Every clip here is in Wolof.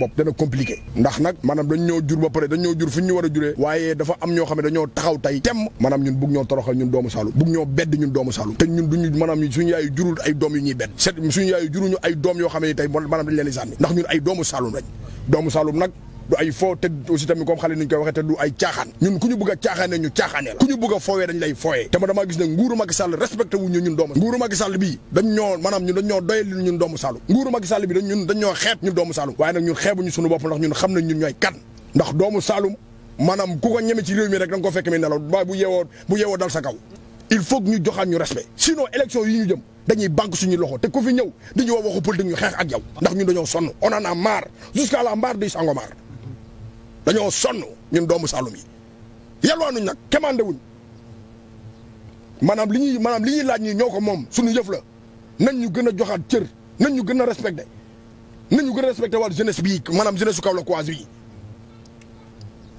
bopp dana compliqué ndax nag maanaam dañ ñoo jur ba pare dañ ñoo jur fu ñu war a juree waaye dafa am ñoo xam ne dañoo taxaw tey temm maanaam ñun bugg ñoo toroxal ñun doomu Saalum bugg ñoo bedd ñun doomu Saalum te ñun duñu maanaam suñu yaayu jurul ay doom yu ñuy bedd set suñu yaayu juruñu ay doom yoo xam ne tey maanaam dañ leen di sànni ndax ñun ay doomu Saalum lañ doomu Saalum nag du ay foo te aussi tamit comme xale ni ñu koy waxee te du ay caaxaan ñun ku ñu bëgg a caaxaane ñu caaxaanee la ku ñu bëgg a foowee dañ lay ñu ñun doomu nguuru Macky Sall bii dañ ñoo maanaam Saalum nguuru Macky Sall bi dañ ñun dañ doomu Saalum waaye nag ñun xeebuñu suñu bopp ndax ñun xam nañ ñun ñooy kan ndax doomu Saalum maanaam ku ko ñeme ci réew mi rek da nga ko fekk mi nelaw waaye bu yeewoo dal sa kaw il faut ñu joxaat ñu respect sinon élection yi ñu jëm dañuy banque suñu loxo te ku fi ñëw di ñu wax waxu politique ñu xeex ak yow ndax ñun dañoo sonn on en a maar jusqu'à la marre di Sangomar dañoo sonn ñun doomu Saloum yi yelwaanuñ nag kemande wuñ maanaam li ñuy maanaam li laaj ñi ñoo ko moom suñu yëf la nañ ñu gën a joxaat cër nañ ñu gën a respecté na ñu gën a respecté wàllu jeunesse bii maanaam jeunesse su Kaolack waa bii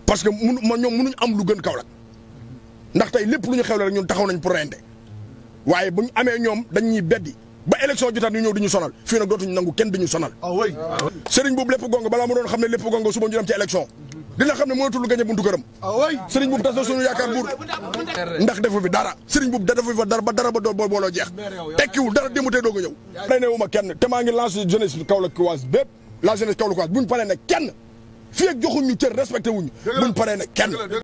parce que munu ma ñoom munuñ am lu gën Kaolack ndax tey ñu xewle rek ñun taxaw nañ pour reyante waaye bu ñu amee ñoom dañ ñuy beddi ba élection jotaat ñu ñëw di ñu sonal fii nag dootuñu nangu kenn di ñu sonal. ah oui sëriñ boobu lépp gongo balaa mu doon xam ne lépp gongo suba ñu ci élection. dina xam ne mënatul gañe buntu këram ah, sëriñ buub tas na sunu yaakaar buur ndax defu fi dara sëriñ buub da defu dara ba dara ba doo booloo jeex tekkiwul dara démutee doo ko ñëw pare ne wu ma kenn te maa ngi lancé jeunesse Kaolack Kouass bépp la jeunesse Kaolack Kouass buñ paree ne respecté wuñu buñ paree ne